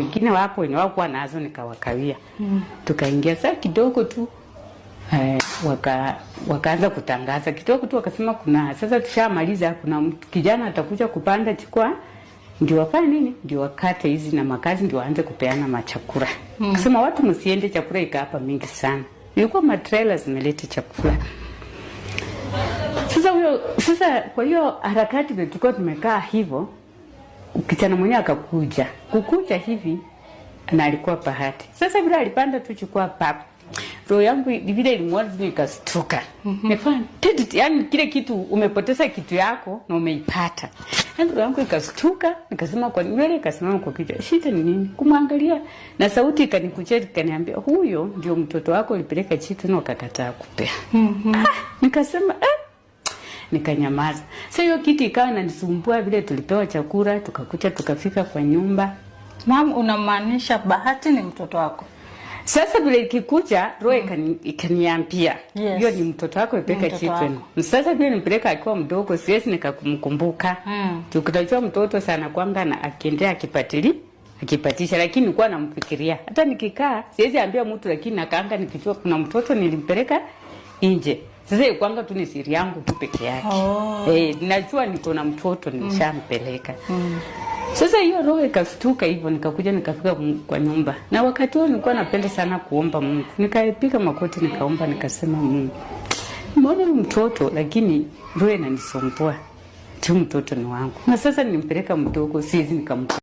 wengine wapo wenye wakuwa nazo nikawakawia mm. tukaingia saa kidogo tu eh, waka, wakaanza kutangaza kidogo tu wakasema kuna sasa tushamaliza kuna kijana atakuja kupanda chikwa ndio wafanye nini ndio wakate hizi na makazi ndio waanze kupeana machakura mm. kasema watu msiende chakura ika hapa mingi sana ilikuwa matrela zimeleta chakula sasa huyo sasa kwa hiyo harakati tulikuwa tumekaa hivyo kijana mwenye akakuja kukuja hivi na alikuwa bahati. Sasa vile alipanda tu chukua pap, roho yangu vile ilimwona vile ikastuka, yani kile kitu umepoteza kitu yako na umeipata. Yaani roho yangu ikastuka, nikasema kwa nywele, ikasimama kwa kichwa, shida ni nini? Kumwangalia na sauti ikanikuja, ikaniambia huyo ndio mtoto wako, ulipeleka chitu na ukakataa kupea. Mhm. Ah, nikasema eh nikanyamaza. Sasa hiyo kitu ikawa nanisumbua, vile tulipewa chakula tukakucha tukafika kwa nyumba. Mam, unamaanisha Bahati ni mtoto wako? Sasa vile ikikucha roho mm. ikaniambia yes. hiyo ni mtoto wako ipeka children. Mm, sasa vile nimpeleka akiwa mdogo siwezi nikakumkumbuka. Mm. Tukitajua mtoto sana kwamba na akiendea akipatili akipatisha lakini nilikuwa namfikiria. Hata nikikaa siwezi ambia mtu lakini nakaanga nikijua kuna mtoto nilimpeleka nje. Sasa kwanga tu ni siri yangu tu peke yake. Oh. Eh, najua niko na mtoto mm. nimeshampeleka. Mm. Sasa hiyo roho ikastuka hivyo, nikakuja nikafika kwa nyumba, na wakati huo nilikuwa napenda sana kuomba Mungu. Nikapiga makoti nikaomba, nikasema Mungu, mbona mtoto lakini roho inanisumbua tu, mtoto ni wangu na sasa nimpeleka mdogo, siwezi nikampa